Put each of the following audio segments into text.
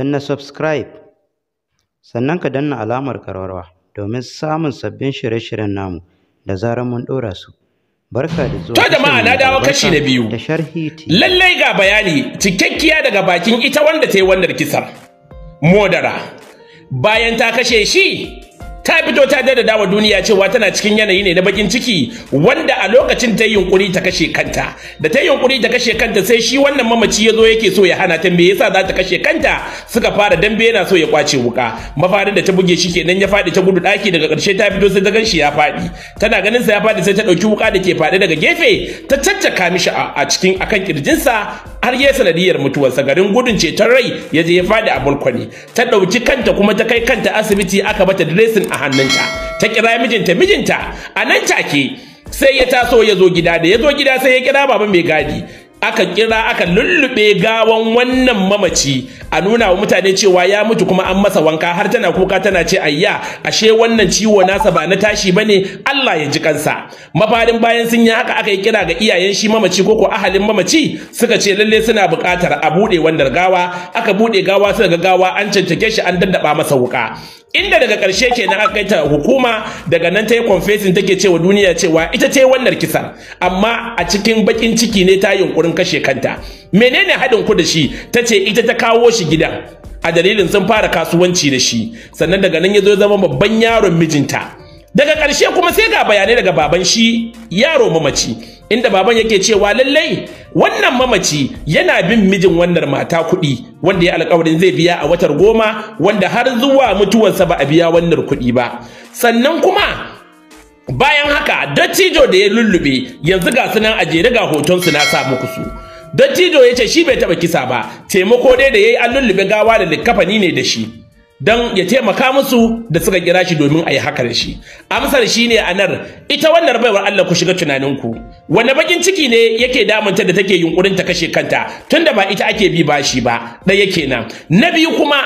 na subscribe sannan ka danna alamar karwarwa domin samun sabbin shirye-shiryen namu da zarar mun ɗora su barka da zuwa to jama'a na dawo kashi na biyu da lallai ga bayani cikakkiya daga bakin ita wanda ta yi wannan kisar modara bayan ta kashe shi ta fito ta dada wa duniya cewa tana cikin yanayi ne na bakin ciki wanda a lokacin ta yunkuri ta kashe kanta da ta yunkuri ta kashe kanta sai shi wannan mamaci ya zo yake so ya hana ta me yasa za ta kashe kanta suka fara dambe yana so ya kwace wuka mafarin da ta buge shi kenan ya faɗi ta gudu daki daga karshe ta fito sai ta gan shi ya faɗi tana ganin sa ya faɗi sai ta ɗauki wuka da ke faɗi daga gefe ta caccaka mishi a cikin akan kirjinsa har ya sanadiyar mutuwarsa garin gudun ceton rai ya je ya fadi a bulkwani ta ɗauki kanta kuma ta kai kanta asibiti aka bata dressing a hannunta ta kira mijinta mijinta a nan take sai ya taso ya zo gida da ya zo gida sai ya kira baban mai gadi aka kira aka lullube gawan wannan mamaci a nuna wa mutane cewa ya mutu kuma an masa wanka har tana kuka tana ce ayya ashe wannan ciwo nasa ba na tashi bane Allah ya ji kansa mafarin bayan sun yi haka aka yi kira ga iyayen shi mamaci ko ko ahalin mamaci suka ce lalle suna buƙatar a bude wannan gawa aka buɗe gawa suka ga gawa an cancake shi an daddaba masa wuka inda daga karshe na aka kai ta hukuma daga nan ta yi confessing take cewa duniya cewa ita ce wannan kisa amma a cikin bakin ciki ne ta yunkurin kashe kanta menene haɗin ku da shi ta ce ita ta kawo shi gida a dalilin sun fara kasuwanci da shi sannan daga nan ya zo zama babban yaron mijinta daga ƙarshe kuma sai ga bayanai daga baban shi yaro mamaci inda baban yake cewa lallai wannan mamaci yana bin mijin wannan mata kuɗi wanda ya alƙawarin zai biya a watar goma wanda har zuwa mutuwarsa ba a biya wannan kuɗi ba sannan kuma bayan haka dattijo da ya lullube yanzu ga su nan a jere ga su na sa muku su dattijo ya ce shi bai taɓa kisa ba taimako dai da ya yi an lullube gawa da likkafani ne da shi don ya taimaka musu da suka kira shi domin a yi haka da shi amsar shi ne a nan ita wannan baiwar Allah ku shiga tunaninku wanda bakin ciki ne yake damunta da take yunkurin ta kashe kanta tunda ba ita ake bi bashi ba ɗaya kenan na biyu kuma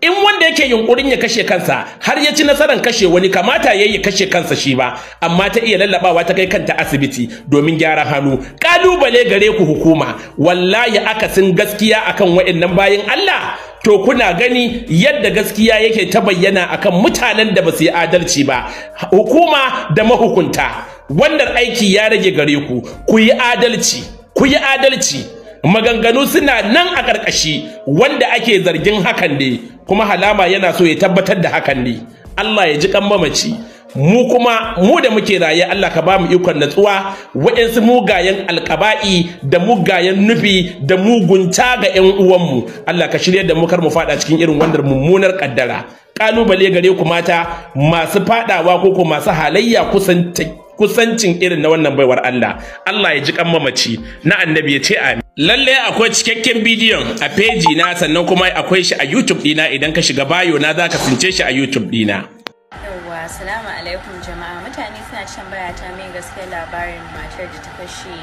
in wanda yake yunkurin ya kashe kansa har ya ci nasaran kashe wani kamata ya yi kashe kansa shi ba amma ta iya lallabawa ta kai kanta asibiti domin gyara hannu kalubale gare ku hukuma wallahi akasin gaskiya akan waɗannan bayin Allah to kuna gani yadda gaskiya yake ta bayyana akan mutanen da ba su yi adalci ba hukuma da mahukunta wannan aiki ya rage gare ku ku yi adalci ku yi adalci maganganu suna nan a ƙarƙashi wanda ake zargin hakan ne kuma halama yana so ya tabbatar da hakan ne Allah ya ji ƙanmamaci. mamaci mu kuma mu da muke raye Allah ka ba mu ikon natsuwa waɗansu mugayen alƙaba'i, da mugayen nufi da mugunta ga 'yan uwanmu Allah ka shirya da mu kar mu faɗa cikin irin wannan mummunar ƙaddara ƙalubale gare ku mata masu faɗawa ko ko masu halayya kusan kusancin irin na wannan baiwar Allah Allah ya ji kan mamaci na annabi ya ce amin lalle akwai cikakken bidiyon a feji na sannan kuma akwai shi a YouTube dina idan ka shiga bayo na zaka fince shi a YouTube dina yawwa assalamu alaikum jama'a mutane suna baya ta mai gaskiya labarin matar da ta kashe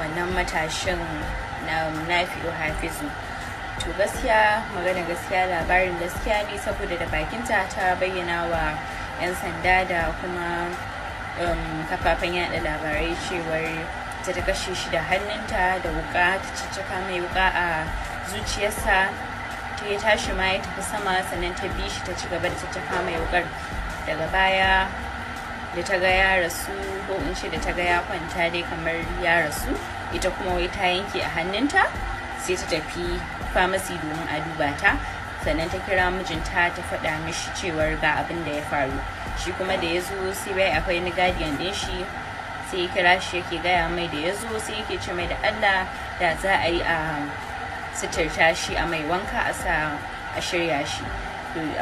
wannan matashin na Nafi'u Hafizu to gaskiya magana gaskiya labarin gaskiya ne saboda da bakinta ta bayyana wa 'yan sanda da kuma Um, kafafen yada labarai cewar ta ta kashe shi da hannunta da wuka ta ciccika mai wuka a zuciyarsa ta yi tashi ma ya tafi sama sannan ta bi shi ta ci gaba da ciccika mai wukar daga baya da ta ga ya rasu ko in ce da ta ga ya kwanta dai kamar ya rasu ita kuma wai ta yanke a hannunta sai ta tafi famasi domin a duba ta sannan ta kira mijinta ta faɗa mishi cewar ga abin da ya faru shi kuma da ya zo sai bai akwai ni guardian din shi sai ya kira shi yake gaya mai da ya zo sai yake ce mai da allah da za a yi a suturta shi a mai wanka a sa a shirya shi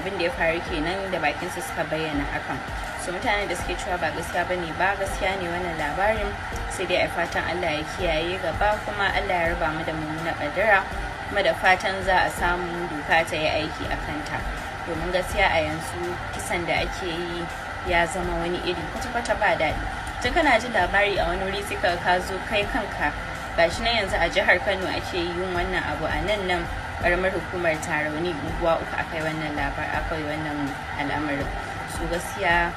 abin da ya faru kenan da bakinsa suka bayyana hakan su mutane da suke cewa ba gaskiya ba ne ba gaskiya ne wannan labarin sai dai a fatan allah ya kiyaye gaba kuma allah ya raba mu da mummuna kadara kuma da fatan za a samu doka ta yi aiki a kanta domin gaskiya a yanzu kisan da ake yi ya zama wani iri kwata-kwata ba daɗi tun kana jin labari a wani wuri suka ka zo kai kanka ba shi na yanzu a jihar kano ake yin wannan abu a nan nan karamar hukumar tarauni unguwa uku akai wannan labar akai wannan al'amarin su gaskiya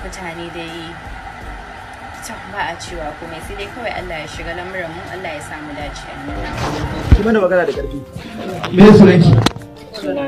mutane dai ba a cewa komai sai dai kawai Allah ya shiga lamuran mu Allah ya samu dace. a nan magana da ƙarfi. Me Suna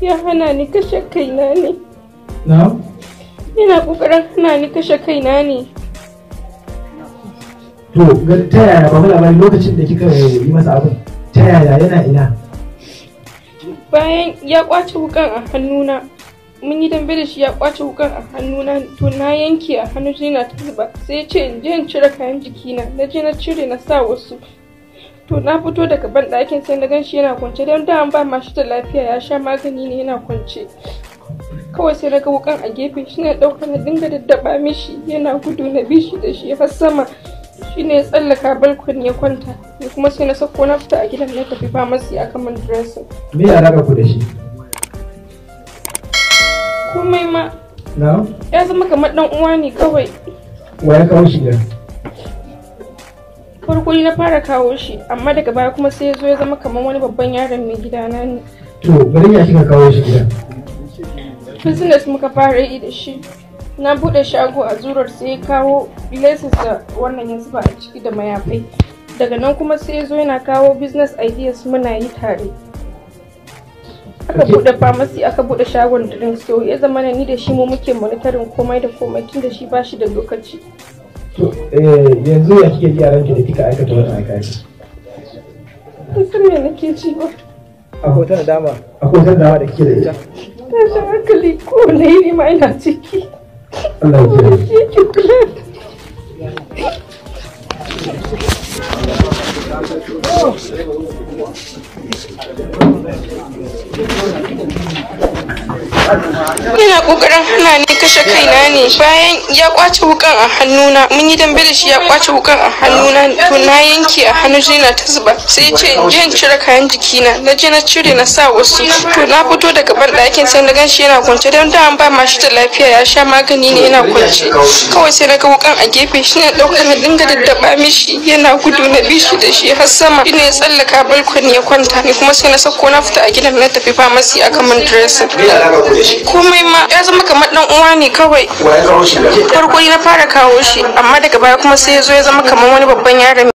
ya hana ni kashe kaina ne na yana kokarin hana ni kashe kaina ne to ga ta yaya ba labari lokacin da kika eh, yi masa abin ta yaya yana ina bayan ya kwace wukan a hannuna mun yi dambe da shi ya kwace wukan a hannuna to na yanke a hannu na ta zuba sai ya ce in je in cire kayan jikina na je na cire na sa wasu to na fito daga ban ɗakin sai na gan shi yana kwance don da an ba shi da lafiya ya sha magani ne yana kwance kawai sai na ga wukan a gefe shi ne ɗauka na dinga daddaba mishi yana gudu na bishi da shi har sama shi ne tsallaka balkon ya kwanta ni kuma sai na sako na fita a gidan na tafi masu a kaman dressing me ya raka ku da shi komai ma ya zama kamar dan uwa ne kawai wa ya kawo shi da? farko na fara kawo shi amma daga baya kuma sai ya zo ya zama kamar wani babban yaron mai gidana ne to bari ya shiga kawo shi gida business muka fara yi da shi na bude shago a zurar sai ya kawo laces da wannan ya zuba a ciki da mayafai daga nan kuma sai ya zo yana kawo business ideas muna yi tare aka bude pharmacy aka bude shagon drinks so ya zama ni da shi mu muke monitoring komai da komai tun da shi bashi da lokaci to eh, yanzu ya kike yi a da kika aikata wannan aikaci kasar me nake ci ba a hoton dama a hoton dama da kike da ita shi hankali ko na yi ne ma ina ciki Allah ya ki Oh! yana kokarin hana ni kashe kaina ne bayan ya kwace wukan a hannuna mun yi dambe da shi ya kwace wukan a hannuna to na yanke a hannu na ta zuba sai ya ce je cire kayan jikina na je na cire na sa wasu to na fito daga ban ɗakin sai na ganshi yana kwance don da an ba ma shi da lafiya ya sha magani ne yana kwance kawai sai na ga wukan a gefe shi ne ɗauka na dinga daddaba mishi yana gudu na bi shi da shi har sama shi ne ya tsallaka balkon ya kwanta ni kuma sai na sako na fita a gidan na tafi famasi aka min dressing komai ma ya zama kamar dan uwa ne kawai wa ya farko na fara kawo shi amma daga baya kuma sai ya zo ya zama kamar wani babban yaro